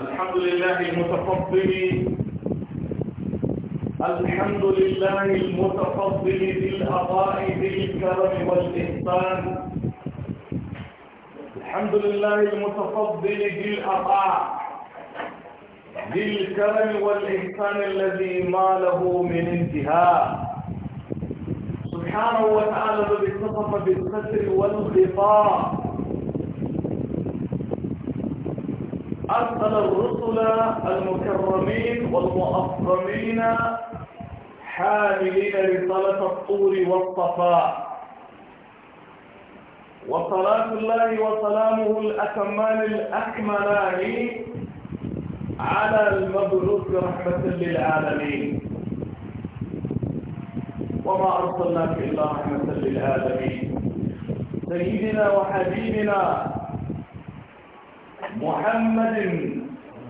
الحمد لله المتفضل الحمد لله المتفضل بالأضاء بالكرم والإحسان الحمد لله المتفضل بالأضاء بالكرم والإحسان الذي ما له من انتهاء سبحانه وتعالى الذي اتصف بالستر والغطاء أرسل الرسل المكرمين والمؤفرمين حاملين رسالة الطور والصفاء وصلاة الله وسلامه الأكمال الأكملان على المبعوث رحمة للعالمين وما أرسلناك إلا رحمة للعالمين سيدنا وحبيبنا محمد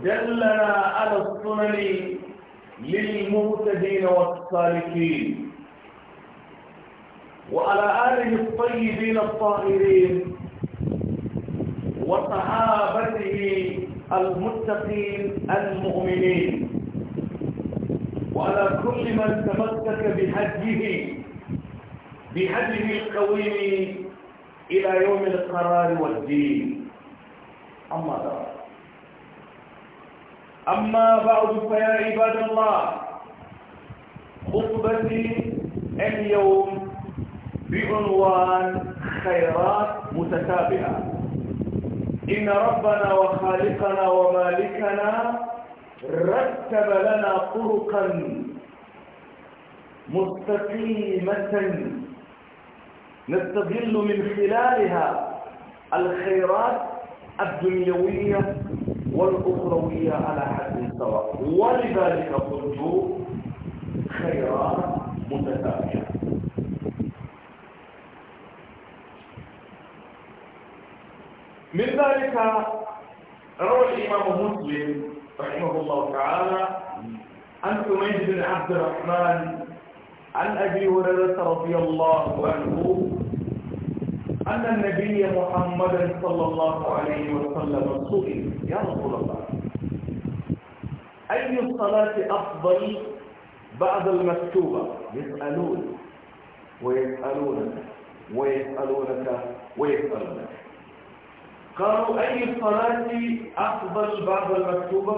دلنا على السنن للمهتدين والسالكين وعلى آله الطيبين الطاهرين وصحابته المتقين المؤمنين وعلى كل من تمسك بحجه بحجه القويم إلى يوم القرار والدين أما بعد أما بعد فيا عباد الله خطبتي اليوم بعنوان خيرات متتابعة إن ربنا وخالقنا ومالكنا رتب لنا طرقا مستقيمة نستغل من خلالها الخيرات الدنيوية والأخروية على حد سواء ولذلك قلت خيرات متتابعة من ذلك روى الإمام مسلم رحمه الله تعالى عن سميد بن عبد الرحمن عن أبي هريرة رضي الله عنه أن النبي محمد صلى الله عليه وسلم سئل يا رسول الله أي الصلاة أفضل بعد المكتوبة يسألون ويسألونك ويسألونك ويسألونك قالوا أي الصلاة أفضل بعد المكتوبة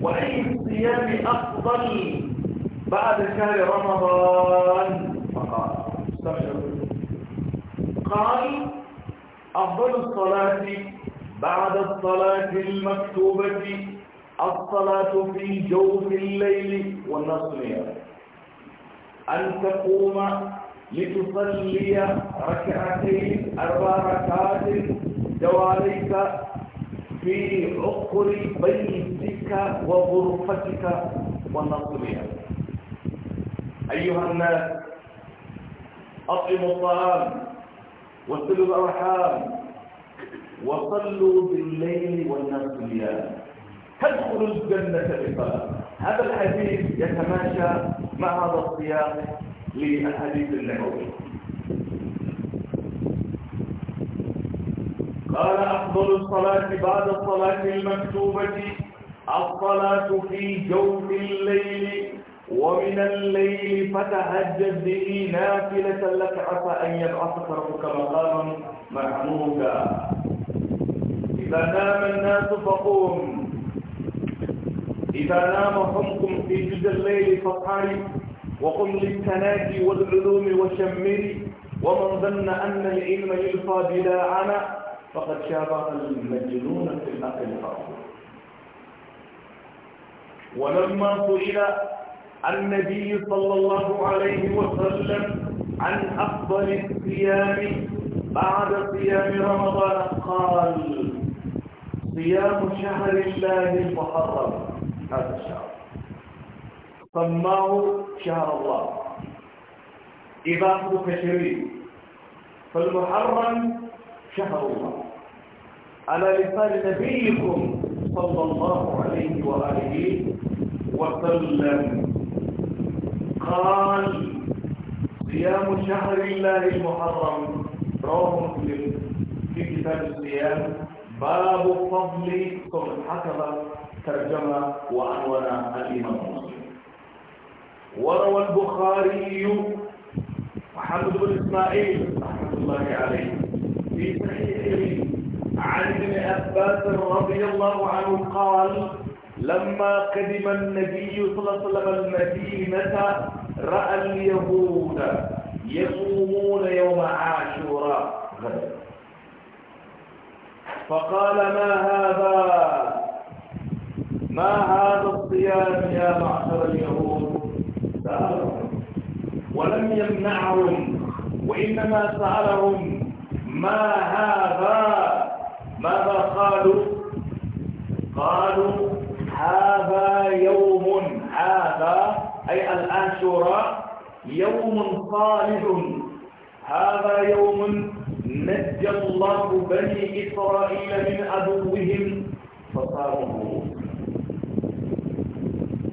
وأي الصيام أفضل بعد شهر رمضان فقال استمعوا قال أفضل الصلاة بعد الصلاة المكتوبة الصلاة في جوف الليل والنصر أن تقوم لتصلي ركعتين أربع ركعات دواليك في عقر بيتك وغرفتك والنصر أيها الناس أطعموا الطعام وصلوا الأرحام وصلوا بالليل والناس اليوم تدخل الجنة بصلاة هذا الحديث يتماشى مع هذا الصيام للحديث النبوي قال أفضل الصلاة بعد الصلاة المكتوبة الصلاة في جوف الليل ومن الليل فتهجد به نافلة لك عسى أن يبعثك ربك مقاما محمودا إذا نام الناس فقوم إذا نام قمكم في جزء الليل فقارب وقم للتناجي والعلوم وشمري ومن ظن أن العلم يلقى بلا عنا فقد شابه المجنون في الأقل الأرض ولما سئل النبي صلى الله عليه وسلم عن أفضل الصيام بعد صيام رمضان قال صيام شهر الله المحرم هذا الشهر سماه شهر الله إضافة شريف فالمحرم شهر الله على لسان نبيكم صلى الله عليه وآله وسلم قال صيام شهر الله المحرم رواه مسلم في كتاب الصيام باب فضل صوم الحكمة ترجمة وعنوان الإمام مسلم وروى البخاري محمد بن إسماعيل رحمة الله عليه في صحيحه عن ابن عباس رضي الله عنه قال لما قدم النبي صلى الله عليه وسلم المدينة رأى اليهود يصومون يوم عاشوراء فقال ما هذا ما هذا الصيام يا معشر اليهود سألهم ولم يمنعهم وإنما سألهم ما هذا ماذا قالوا قالوا هذا يوم هذا أي الآشوراء يوم صالح هذا يوم نجى الله بني إسرائيل من عدوهم فصاروا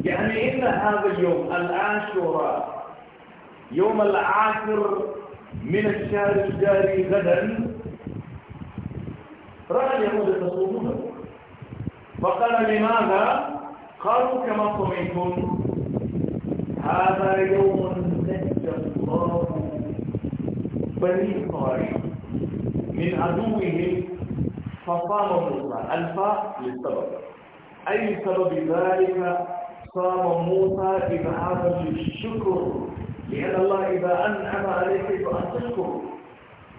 يعني إن هذا اليوم العاشوراء يوم العاشر من الشهر الجاري غدا رأى يهود تصومونه فقال لماذا قالوا كما سمعتم هذا يوم نجى الله بني قريش من عدوهم فصام موسى الفاء للسبب أي سبب ذلك صام موسى ابعاده الشكر لأن الله إذا أنعم عليك فأن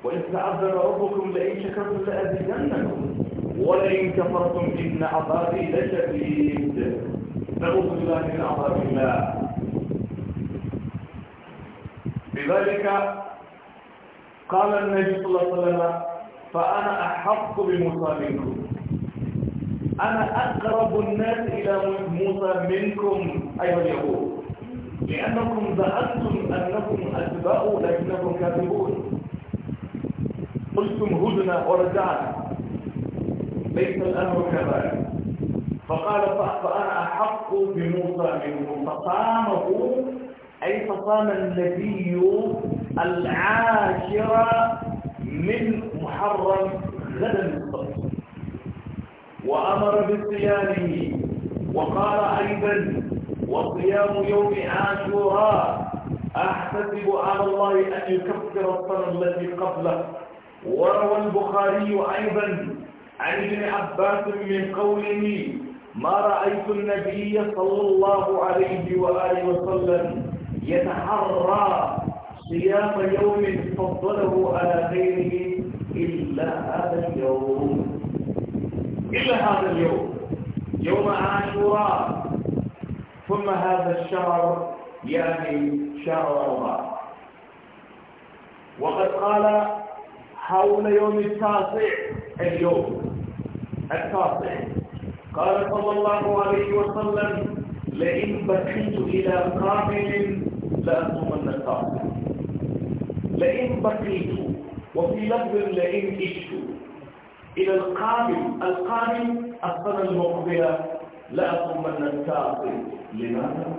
وإن تعذب ربكم لئن شكرتم لأزيدنكم ولئن كفرتم إن عذابي لشديد نعوذ بالله من عذاب الله لذلك قال النبي صلى الله عليه وسلم فأنا أحق بموسى منكم أنا أقرب الناس إلى موسى منكم أيها اليهود لأنكم زعمتم أنكم أتباع لكنكم كاذبون قلتم هدنا ورجعنا ليس الأمر كذلك فقال فأنا أحق بموسى منه فصامه أي فصام النبي العاشرة من محرم غدا الصبح وأمر بصيامه وقال أيضا وصيام يوم عاشوراء أحتسب على الله أن يكفر الصلاة التي قبله وروى البخاري أيضا عن ابن عباس من قوله ما رأيت النبي صلى الله عليه وآله وسلم يتحرى صيام يوم فضله على غيره إلا هذا اليوم إلا هذا اليوم يوم عاشوراء ثم هذا الشهر يعني شهر رمضان وقد قال حول يوم التاسع اليوم التاسع قال صلى الله عليه وسلم لئن بقيت إلى قابل لأصومن التاسع لئن بقيت وفي لفظ لئن عشت إلى القابل القابل السنة المقبلة لأصومن التاسع لماذا؟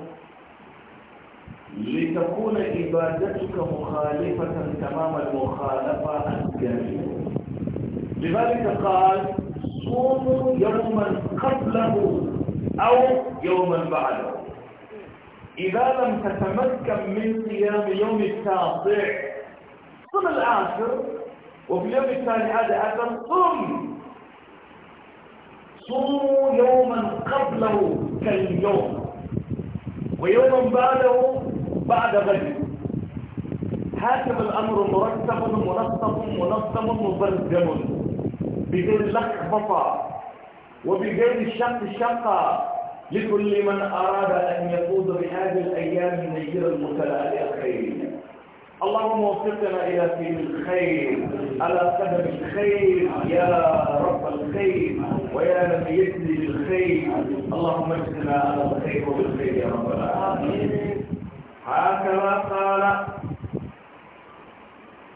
لتكون عبادتك مخالفة تمام المخالفة الجميلة لذلك قال صوموا يوما قبله أو يوما بعده إذا لم تتمكن من قيام يوم التاسع صم العاشر وفي اليوم الثاني هذا أيضا صم صوموا يوما قبله كاليوم ويوما بعده بعد غد هكذا الأمر مرتب منظم منظم مبرجم بغير لخبطة وبغير الشق الشقة لكل من أراد أن يقود بهذه الأيام نير المتلألئة الخير اللهم وفقنا إلى في الخير على قدم الخير يا رب الخير ويا من يجزي بالخير اللهم اجزنا على الخير وبالخير يا رب العالمين هكذا قال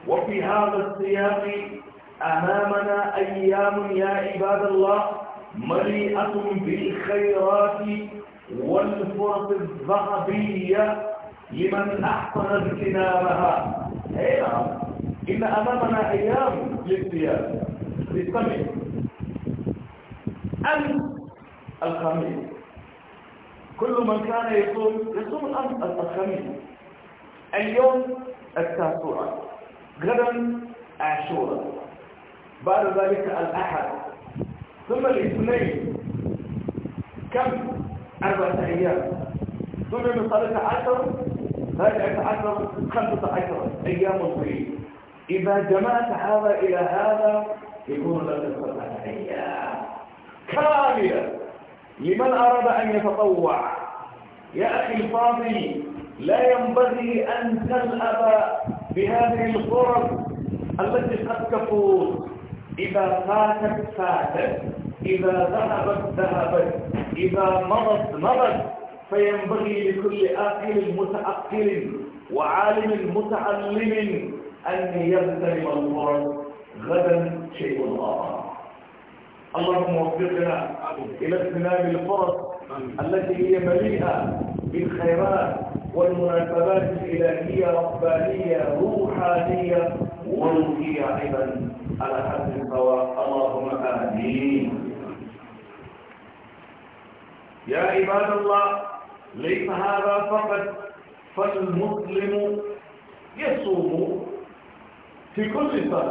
وفي هذا السياق أمامنا أيام يا عباد الله مليئة بالخيرات والفرص الذهبية لمن أحسن اجتنابها نعم. إن أمامنا أيام للسياسة للسمع أمس الخميس كل من كان يصوم يصوم أمس الخميس اليوم التاسوعة غدا عاشورا بعد ذلك الأحد ثم الاثنين كم أربعة أيام ثم من ثلاثة عشر ثلاثة عشر خمسة عشر أيام طويلة إذا جمعت هذا إلى هذا يكون لك سبعة أيام كاملة لمن أراد أن يتطوع يا أخي الفاضل لا ينبغي أن تلأب بهذه الفرص التي قد تفوت إذا فاتت فاتت إذا ذهبت ذهبت إذا مضت مضت فينبغي لكل آكل متأكل وعالم متعلم أن يغتنم الله غدا شيء آخر اللهم وفقنا إلى اغتنام الفرص التي هي مليئة بالخيرات والمناسبات الإلهية ربانية روحانية وروحية أيضا على حد سواء اللهم آمين يا عباد الله ليس هذا فقط فالمسلم يصوم في كل سنة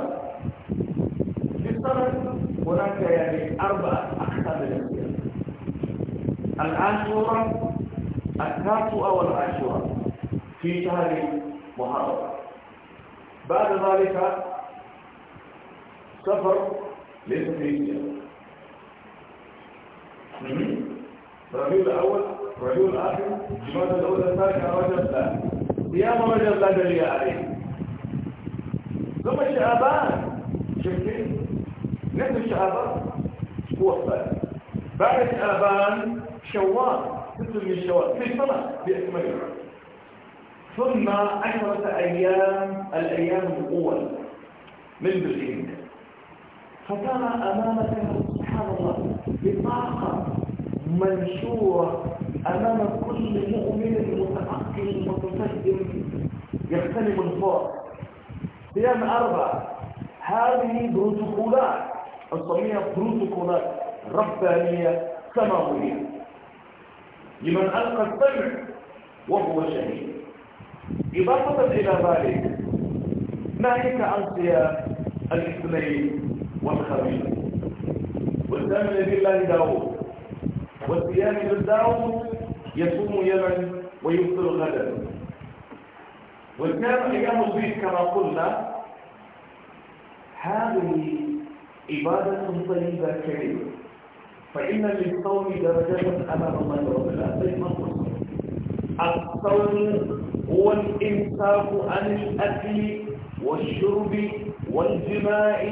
في السنة هناك يعني أربع أقسام الأشهر الآن التاسعة والعاشرة في شهر محرم بعد ذلك سفر ليس في جنة ربيع الأول ربيع الآخر جماد الأولى الثالثة رجل الله صيام رجل لا دليل عليه ثم شعبان شفتين نفس شعبان اسبوع الثالث بعد شعبان شوال ست من شوال في سنة بإكمالها ثم عشرة أيام الأيام الأول من بالحين فكان أمامك سبحان الله بطاقة منشورة أمام كل مؤمن متعقل متفهم يغتنم الفور أيام أربع هذه بروتوكولات نسميها بروتوكولات ربانية سماوية لمن ألقى الطمع وهو شهيد إضافة إلى ذلك ناهيك عن صيام الاثنين والخميس والثامن لله داود والصيام للداود يصوم يمن ويفطر غدا والكام أيام البيت كما قلنا هذه عبادة طيبة كريمة فإن للصوم درجة أمام الله رب العالمين الصوم هو الإنصاف عن الأكل والشرب والجماع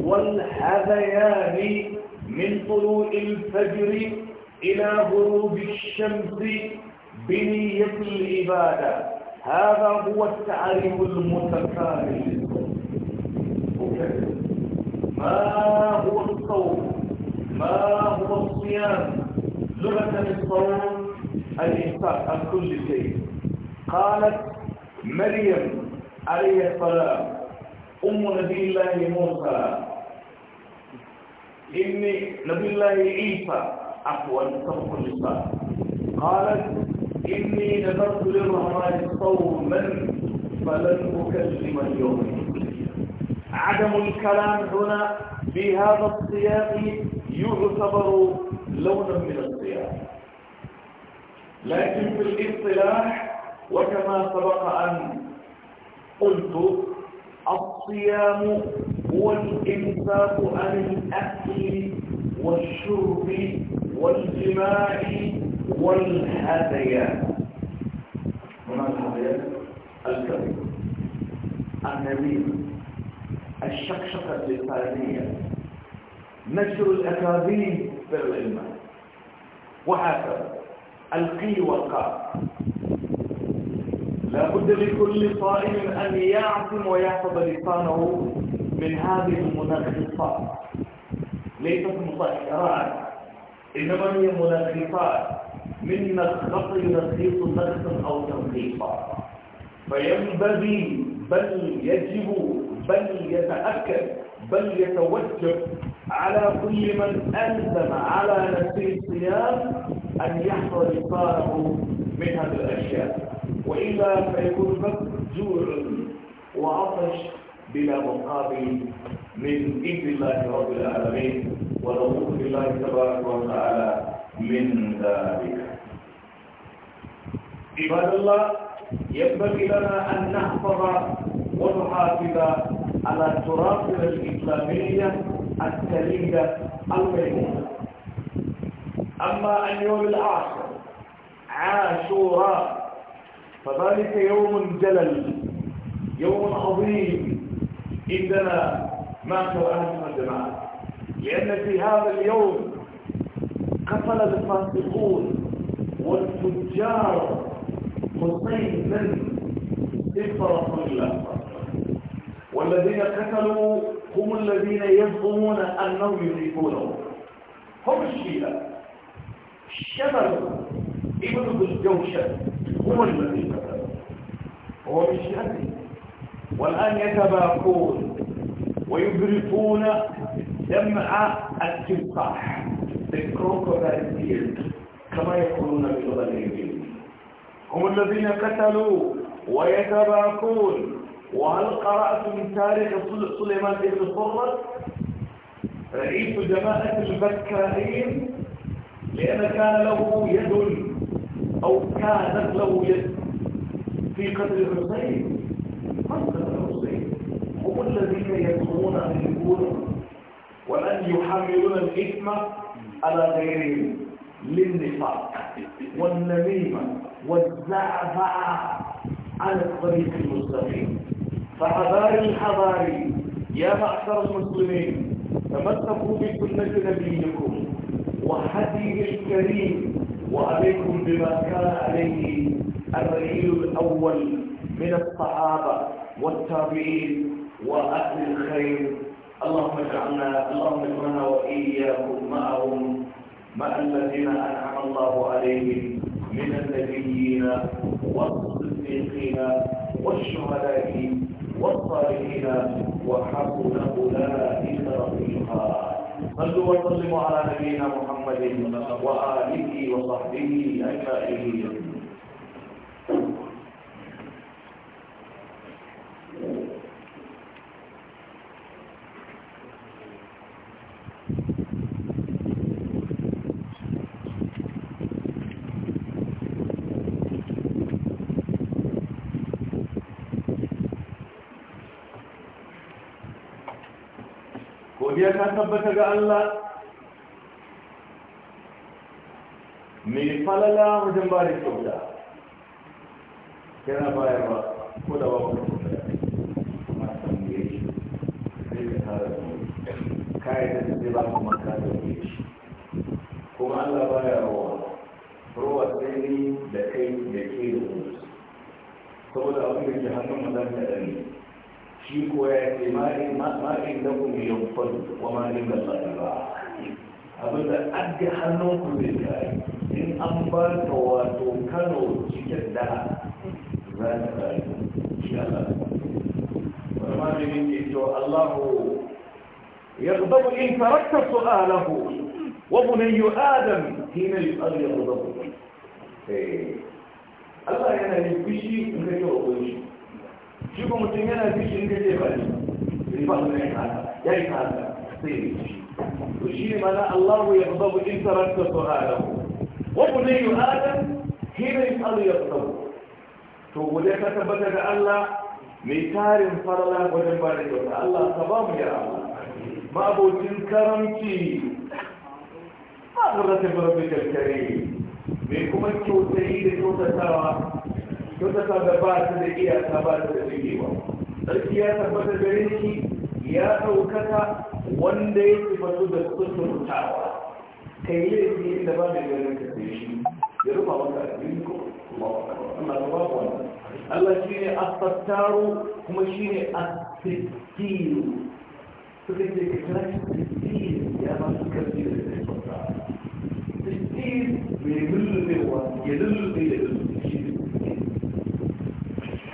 والهذيان من طلوع الفجر إلى غروب الشمس بنية العبادة هذا هو التعريف المتكامل ما هو الصوم ما هو الصيام لغة الصوم الإنفاق عن كل شيء قالت مريم عليه السلام أم نبي الله موسى إني نبي الله عيسى عفوا سبق اللسان قالت إني نذرت للرحمن صوما فلن أكلم اليوم عدم الكلام هنا بهذا الصيام يعتبر لونا من الصيام لكن في الاصطلاح وكما سبق أن قلت الصيام هو الإمساك عن الأكل والشرب والجماع والهديان هنا الهديان الكبير النبيل الشقشقه الانسانيه نشر الأكاذيب في العلم وهكذا القي والقاء لا بد لكل صائم أن يعصم ويحفظ لسانه من هذه المنغصات ليست مطهرات إنما هي منغصات من نغص ينغص نغصا أو تنغيصا فينبغي بل يجب بل يتأكد بل يتوجب على كل من ألزم على نفسه الصيام أن يحفظ إفطاره من هذه الأشياء وإلا فيكون فقط جوع وعطش بلا مقابل من إذن الله رب العالمين ونعوذ بالله تبارك وتعالى من ذلك عباد الله ينبغي لنا أن نحفظ ونحافظ على تراثنا الإسلامية التليد الميمون أما اليوم العاشر عاشوراء فذلك يوم جلل يوم عظيم عندنا ماتوا أهل الجماعة لأن في هذا اليوم قتل الفاسقون والتجار حسين بن رسول الله والذين قتلوا هم الذين يزعمون أنهم يدركونه هم الشيعة الشبل ابن الجوشن هو الذي هو من شأنه والآن يتباكون ويبرقون دمع التفاح الكروكودايل كما يقولون بلغة الإنجليزية هم الذين قتلوا ويتباكون وهل قرأت من تاريخ سليمان بن الصرد رئيس جماعة البكائين لأن كان له يد أو كانت له يد في قتل الحسين قتل الحسين هم الذين يدخلون أن يكونوا وأن يحملون الإثم على غيرهم للنفاق والنميمة والزعزعة على الطريق المستقيم فحضاري الحضاري يا معشر المسلمين تمسكوا بسنة نبيكم وحديه الكريم وعليكم بما كان عليه الرجل الأول من الصحابة والتابعين وأهل الخير اللهم اجعلنا اللهم اجعلنا وإياكم معهم مع الذين أنعم الله عليهم من النبيين والصديقين والشهداء والصالحين وحسن أولئك رفيقا صلوا وسلموا على نبينا محمد وآله وصحبه أجمعين godiya ta tabbata ga Allah mai falala wajen ba da kyauta yana ba ko da babu kyauta kuma san da yake sai ka tara da mu kayan da zai ba kuma ta da yake kuma Allah baya rawa ruwa sai ni da kai da ke da mu saboda abin da ke hannun mazan zan da ɗari shi ko ya ce ma'in da ku biyan fadu wa ma'in da ba abin da adda hannun ku zai kare in an ba ka wato kano cikin da za ta kare shi Allah wani ma ne ke cewa Allahu يغضب إن تركت سؤاله وبني آدم حين يسأل يغضب الله يعني بشيء من يغضب shi ko mutum yana bi shi inda zai bari riba da ya haka ya yi haka sai ya ci to shi ne mana Allahu ya zabu in tarasta su'alahu wa bunayyu adam hina ya yasabu to gode ka tabbata da Allah mai tarin farla wajen ba da kyauta Allah ka ba mu ya Allah ma'abocin karamci ma'azarar ta barbikar kare mai kuma kyautayi da kyautatawa ko ta sa da ba ta da iya ta ba ta da tsigewa sarki ya tabbata gare shi ya ɗaukaka wanda ya tabbatu da kusurtawa kai laifi da ba da ganin ka sai shi ya rufa a abin ko Allah ba ku wannan Allah shi ne a asattaru kuma shi ne a asittiru suka ce ka kira shi sittiru ya ba su karfi da sittiru mai lullubewa ya lullube da lullube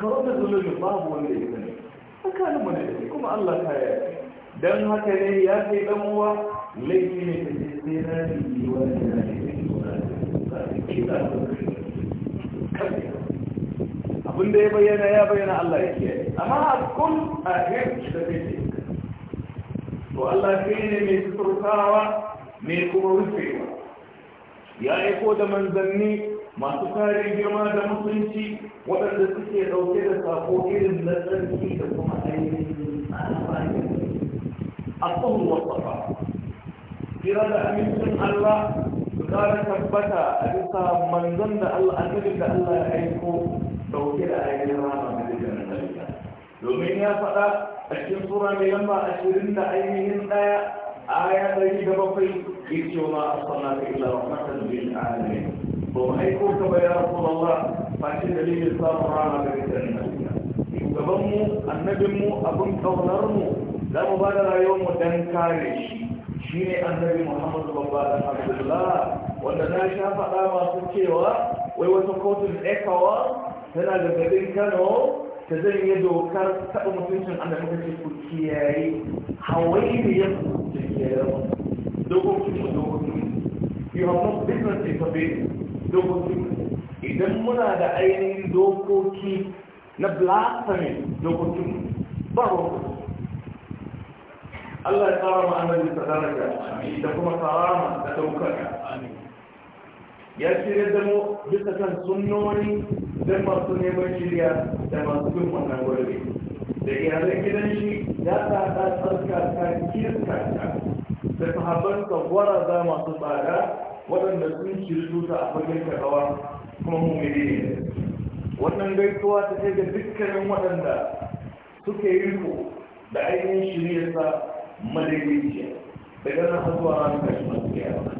ka wanda zulumin babu wanda ya sani kanin mu ne kuma Allah ta yi dan haka ne ya ce dan uwa laifi ne ta ce sai na yi wa ya yi da ya bayyana ya bayyana Allah ya kiyaye amma a kun a hirki da kai to Allah kai ne mai suturtawa mai kuma rufewa ya aiko da manzanni masu kare girma da mutunci waɗanda suke ɗauke da sako irin na tsarki da kuma ainihin a kan wasafa kira da amincin Allah su kara tabbata a bisa manzon da Allah da Allah ya aiko ɗauke da ainihin rana da jirgin domin ya faɗa a cikin sura mai lamba ashirin da ainihin ɗaya ya ɗari da bakwai ya ce wa ma'a sanata ila rahmatan bil alamin ba mu aiko ka ba ya rasulullah face dalilin samun rana da kake annabiya shugaban mu annabin abin kaunar mu za mu ba da rayuwar mu dan kare shi shine annabi muhammadu babba dan Abdullah wanda na sha faɗa masu cewa wai wata kotun ekawa tana da garin Kano ta yi dokar taɓa mutuncin annabi ta ce ku kiyaye hawaii da yanku da kiyaye dokokin mu dokokin you have business in forbidden dokoki idan muna da ainihin dokoki na blasphemy dokokin ba ruwan Allah ya tsara ma annabi ta daraja da kuma karama da daukaka ya shirya da mu bisa kan sunnoni don masu neman shirya da masu bin wannan gwarbe da iyalan gidan shi ya ta ta tsarka ta kirka ta da sahabban gwara za masu tsada waɗanda sun kirtuta a fagen karawa kuma mummiri ne wannan gaisuwa ta kai ga dukkanin waɗanda suke yi ko da ainihin sa madaidaiciya daga nan zuwa ranar kashi masu yawa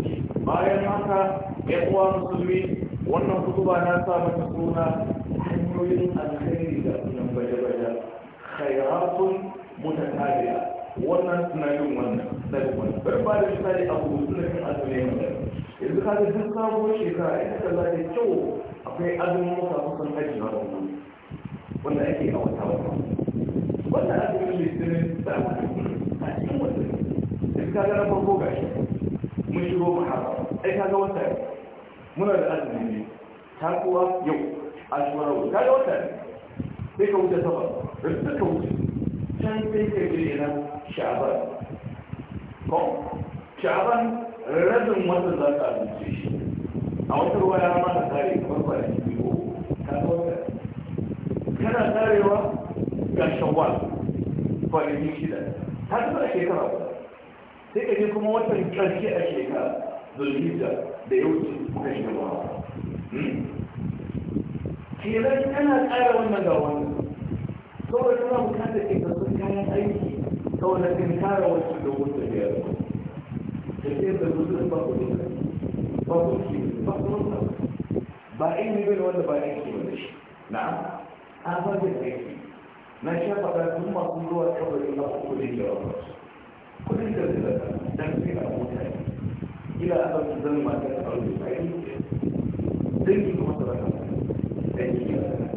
bayan haka ya kuwa musulmi wannan kutuba na sa mata suna hanyoyin alkhairi da sunan baje-baje khairatun mutatabi'a wannan suna wannan daga kuma bari ba da misali a hutu na kan azumi ya magana yanzu ka duk sabuwar shekara ita ta za ta kyau akwai azumin muka kusan haji na wanda ake a wata wata wannan azumin litinin da aka a cikin wata yanzu ka ga na farko shi. mun shigo muharram ai ka ga wata muna da azumi ne ta kuwa yau ashwara wata ka ga wata sai ka wuce saba da suka wuce can sai ka je ina sha'abar ko sha'aban rabin wata za ka abinci shi a wata ruwa ya ma ka tare kwakwara biyu ka kwakwara kana tarewa ga shawwal kwanaki shida ta taɓa a shekara ba sai ka je kuma watan ƙarshe a shekara zulhijja da yau kuka shiga ba hmm. kenan kana tsara wannan ga wannan saboda kana bukatar ikasar kayan aiki ta wannan kare wasu da wasu da yaro da ke da wasu da babu da babu shi babu da ba in ne bai wanda ba ne ke shi na an ba da aiki na sha faɗa sun masu zuwa kabarin na kudin da wasu kudin da zai zaka dan sai a mutane ila a kan zan ma da aure a yi dangi kuma da zaka dangi ya zaka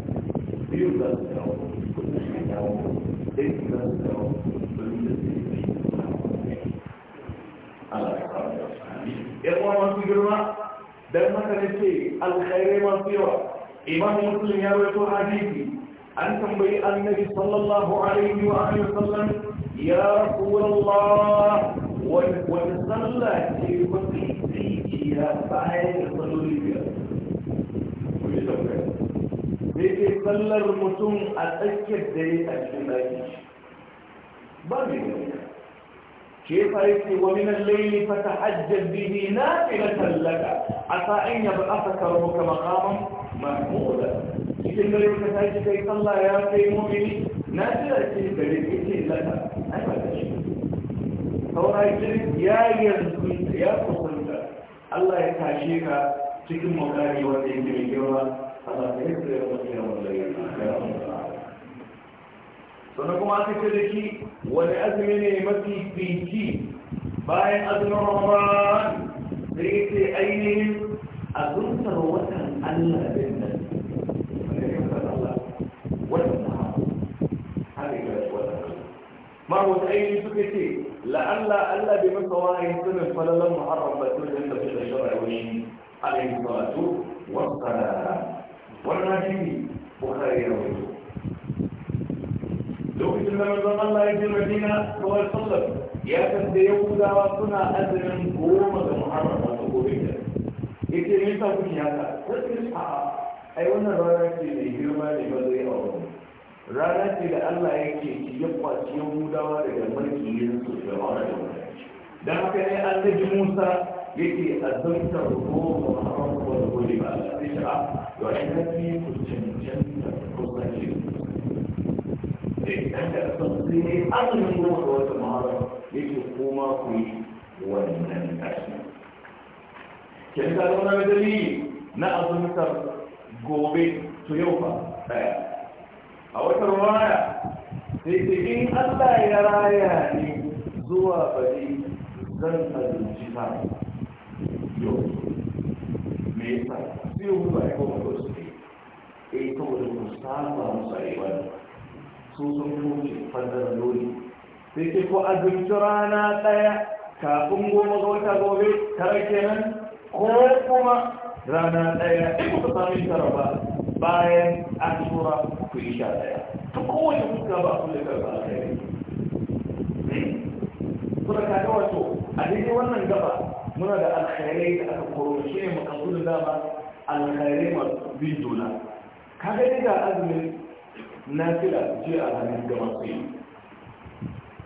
biyu za su dawo kudin su dawo ‘yan girma da ce alkhairai masu imam muslim ya rawaito hadisi an tambayi annabi sallallahu alaihi wa alihi wasallam ya rasulullah wani sallah ce mafi tsikiya bayan da salloli ke sallar mutum a tsakiyar dare a ba mai gani shi yasa yake wa min al-layli fatahajjab bihi nafilatan laka asa an yab'athaka rabbuka maqaman mahmuda idan dare ka ce kai sallah ya kai mu'mini nafila ce gare ka ce laka ai ba ta shi saurayin ya yanzu ya kusanta Allah ya tashe ka cikin makari wanda yake mai girma Allah ya yi tsere wa tsere wa tsere sannan kuma aka ce da ki wani azumi ne mafi fici bayan azumin ramadan da ya ce ainihin azumtar watan allah din nan ma wata ainihin suka ce la'alla allah bai masa wahayi sunan falalan muharram ba tun yadda su da shara wani alaihi salatu wasu wannan shi ne bukari ya rawaito lokacin da manzon Allah ya je Madina Kawar sallar ya san da Yahudawa suna azumin goma ga Muharram wato gobe da yace me yasa kuke haka sai a ai wannan rana ce mai girma ne ba zai aure rana ce da Allah yake ya kwaci Yahudawa daga mulkin su da wani da wani dan haka ne annabi Musa yake azumta goma ga Muharram wato gobe ba sai sha'a to ai nake ku cancanta ko sanin azumin goma ga wata mahara yake kuma ku yi wannan tashi kin ka zauna da dalili na azumtar gobe to yau fa daya a wata ruwaya sai ce in Allah ya raya ni zuwa bari zan azumci ta yau me yasa sai hudu a yi goma ga wasu ne eh saboda ku saba musu a yi wannan su sun kuce fadar loli sai ke ko azumci rana ɗaya kafin goma ga wata gobe tare kenan ko kuma rana ɗaya in ku sami tara ba bayan an tura ku yi sha ɗaya ta kowace kuka ba su da karɓa a kai kuma ka ga wato a daidai wannan gaba muna da alkhairai da aka koro shi ne makasudu dama alkhairai masu bin juna ka ga daga azumin na kira je a hannun gama masu yi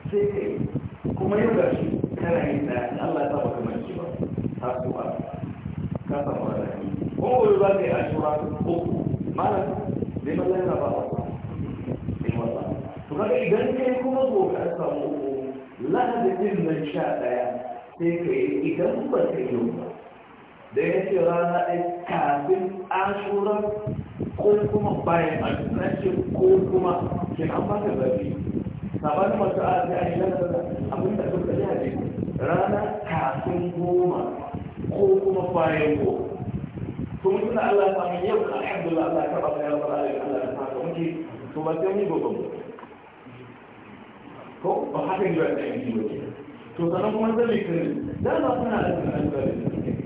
sai ke kuma yau da shi kana yin da Allah ta baka kamar shi ba ta su ba ka samu da ni kuma ko ba kai a shura ko mana dai mallan na ba sai wala to kaga idan kai kuma ko ka samu lahadin nan sha daya sai ka yi idan ba kai yau ba da ya ce rana ɗin kafin ashura ko kuma bayan ashura ce ko kuma ke an baka zafi sabani masu a sai an yana da abin da suka yi hadisi rana kafin goma ko kuma bayan goma to mutum Allah ta mai yau alhamdulillah Allah ta karɓa ya rabu Allah ta ta ka muke to ba sai mu gobe ko ba haka yi wa ɗaya ne to sanan kuma zai kiri da ba suna da tunanin da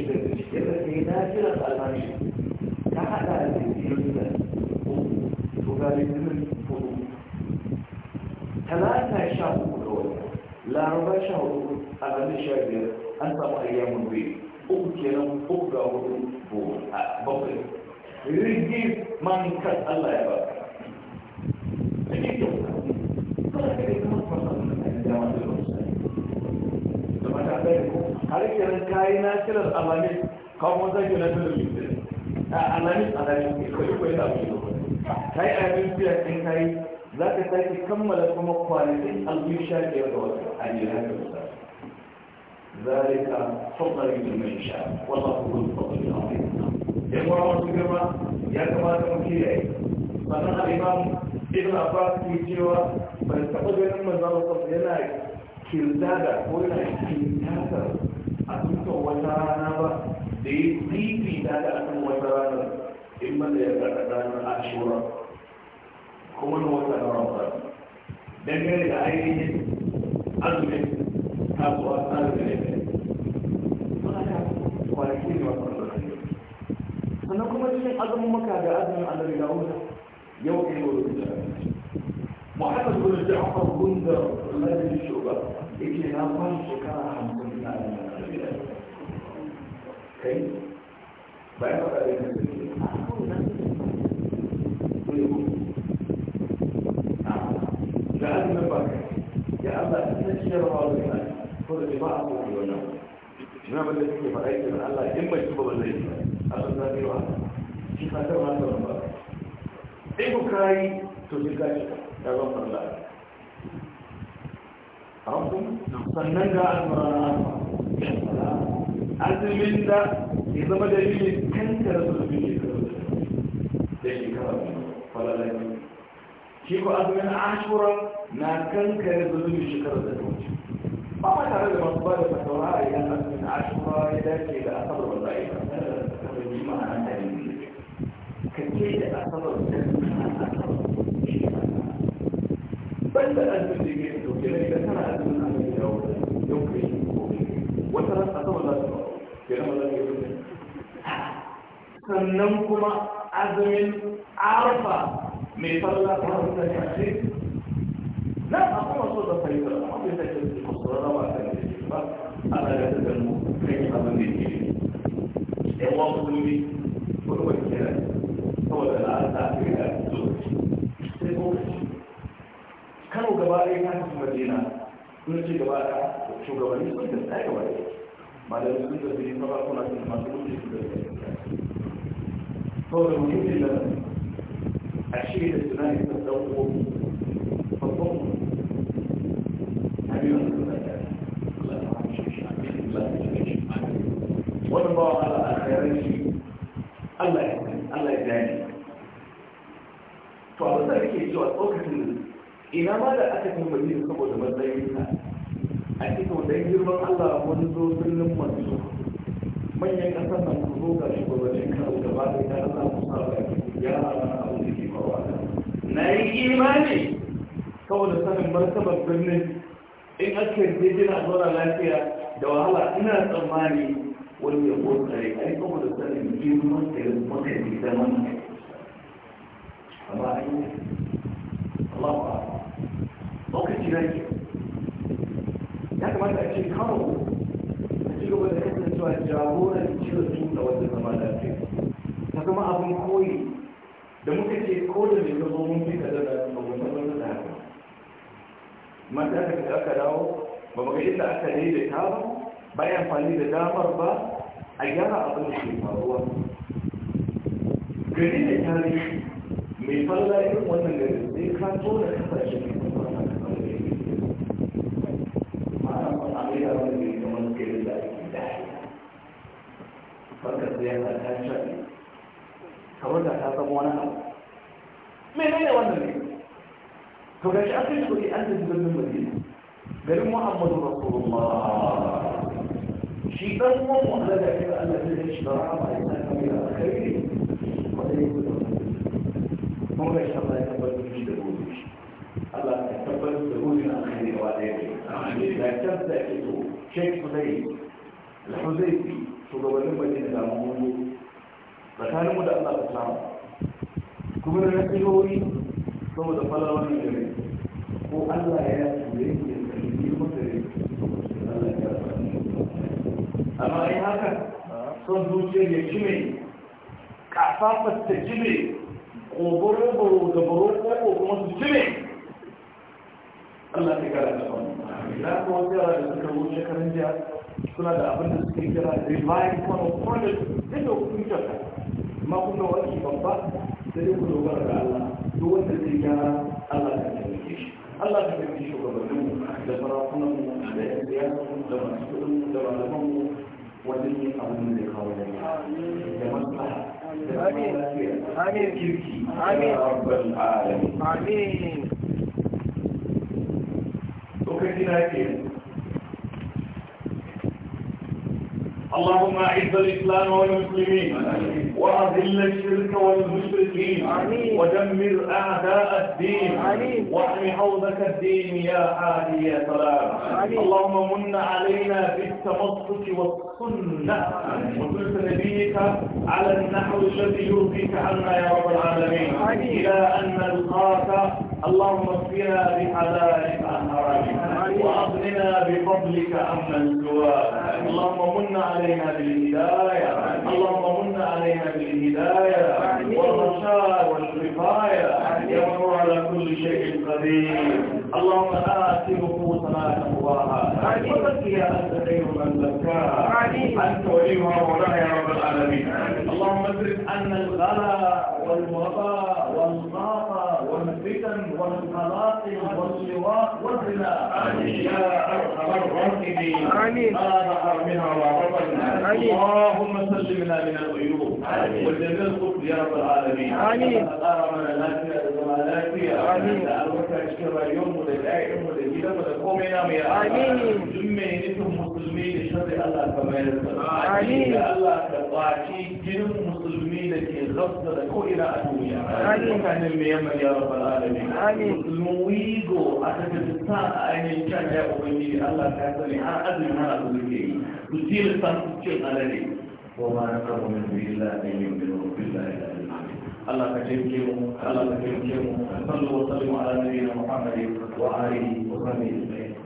الشبابيش كبير هنا فرق ألمانية كحدا الإنجليزية وغالباً ثلاثة شهور لا ربع شهور أغلب شهر أنت أيام البيت أبكرم أبكرم بقر رجيب من كت الله يبارك Thank you. har kayi na kiran alamis kawo zaki na kiran litinin a alamis alamis kai kai da abu kai abin biya din kai za ka sake kammala kuma kwanakin albiyu sha biyar ga wata a ne haka misali ذلك فضل من يشاء والله هو الفضل العظيم يقول الله سبحانه يا كما تمكيه فأنا الإمام ابن عباس في جوا فاستقبل من الله صلى الله عليه وسلم كردادا ولا كردادا wata rana ba da ya fifita ta a kan wata rana in ban da ya karɓa ranar ashura kuma na wata na ramadan dangane da ainihin azumin kasuwa tsarin da ya kwanaki ne masu albarkatu sannan kuma cikin azumin maka da azumin annabi dawuda yau ne yau da محمد بن جعفر بندر الذي شعبه يجي نام شكرا حمد لله kai bayan faɗaɗe na suke a ah, kuma an nan ba ya Allah ina ciyarwa da kai ko da ba a kuma wannan ba bada suke faɗa ke da Allah in bai tuba ba zai yi Allah za ta wa shi ka ta ma ta ba sai ku kai to shi ka shi ta ban farla a hukum sannan ga an fara na alfa azumin da ya zama da dalilin kankara su abin shekaru da shekara falalai shi ko azumin ashura na kankare zunubin shekarar da ta wuce ba ma tare da masu ba da fasawa a idan azumin ashura ya dace da asabar wanda ya kasar da ma'ana da yin ka ke da asabar da ban da azumin da ke da dauke da tana azumin azumin da yau kai wata ran asabar sannan kuma azumin arfa mai falla ta wasu ta shafi nan a kuma so da fahimtar amma bai ta ce su kusurar rawa ta da ba a daga ta dalmu kai yi abin da ke da ɗan wa musulmi wani wani kira saboda na an sa kai da su sai ko kano gaba ɗaya kan su madina sun ce gaba da shugabanni sun ta tsaye gaba ɗaya malamai sun da biyu kawai kuna cin masu wuce su da kawai da mutum da a shi da suna yi ta dauko babban abin da wani bawa ala a tsayarar shi allah ya allah ya gani to abin da ke cewa tsokacin ina ma da aka tambaye saboda matsayinsa a cikin wanda girma Allah wani zo birnin manzo manyan ƙasar nan ku zo ga shugabannin kan gaba da ta Allah ku sa ba ya Allah abu da ke faruwa na yi imani kawai da sanin martabar birnin in aka yi jejjina zaura lafiya da wahala ina tsammani wani ya kokare ai kawai da sanin girman da ya maka yi zaman amma ai Allah ba lokaci na ke ya kamata a ce kawo a ci gaba da kasancewa cire ciwon da wata zama lafiya ta zama abin koyi da muka ce ko da ne zama mun fi kada da abubuwan wani da haka mata da aka dawo ba mu ga inda aka ta, ba bayan amfani da damar ba a gyara abin da ke faruwa gari da tarihi فده مش قبل يدخل يقدم ضمن المدينه قال محمد رسول الله شيء بس مو مهلكه أن قال لك ليش بقى ما يسمى الى اخره وده يقول هو ان شاء الله يتقبل مني دروسي الله يتقبل دروسي من اخره وعليه لا تبدا كده شيخ حذيفه الحذيفي shugabannin bayyana da mamudu tsakaninmu da allah ta samu kuma da nasihohi saboda falawa ne gare ko Allah ya ya kalli ne Allah ya amma ai haka son zuciya ya ta da baro-ƙoƙo kuma su Allah ya kara da yara da suka wuce jiya suna da abin da suke kira revive one of project da amma kuma wani babba sai dai ku dogara da Allah duk wanda zai gyara Allah ka taimake shi Allah ka taimake shi shugabannin da sarakunan mu da yan siyasa da masu kuɗin da malaman mu wajen yin abin da ya kawo da da maslaha da amin kirki amin rabbal alamin amin to kai dina اللهم أعز الإسلام والمسلمين وأذل الشرك والمشركين ودمر أعداء الدين واحم حوزة الدين يا عالي يا سلام اللهم من علينا بالتمسك والسنة وسنة نبيك على النحو الذي يرضيك عنا يا رب العالمين إلى أن نلقاك اللهم اكفنا بحلالك عن حرامك واغننا بفضلك من سواك اللهم من علينا بالهدايه اللهم من علينا بالهدايه والرشاء والكفايه يا من على كل شيء قدير اللهم ات نفوسنا تقواها وزكها انت خير من زكاها انت وليها مولاها يا رب العالمين اللهم اصرف عنا الغلا والوباء والفتن والطلاق واللواء والزنا يا ارحم الراحمين ما ظهر منها بطن اللهم سلمنا من الغيوب وجنبنا su ya amin da tsara mana lafiya da zama lafiya amin da albarka cikin rayuwar mu da ƴaƴan mu da gidan da komai na mu ya amin duk mai musulmi da shirri Allah ka mayar da amin da Allah ka kwaci jinin musulmi da ke zafta da ko a duniya amin kanin mai yamma ya rabu alami amin musulmin wigo a ta a ainihin can ya ubangiji Allah ka sani har azumin har azumin ke yi ku tilasta su cin alade kuma na kama min bi illa an yi bi nuru bi illa ila Allah ka taimake mu Allah ka taimake mu sallallahu alaihi wa sallam ala nabiyina muhammadin wa alihi wa sahbihi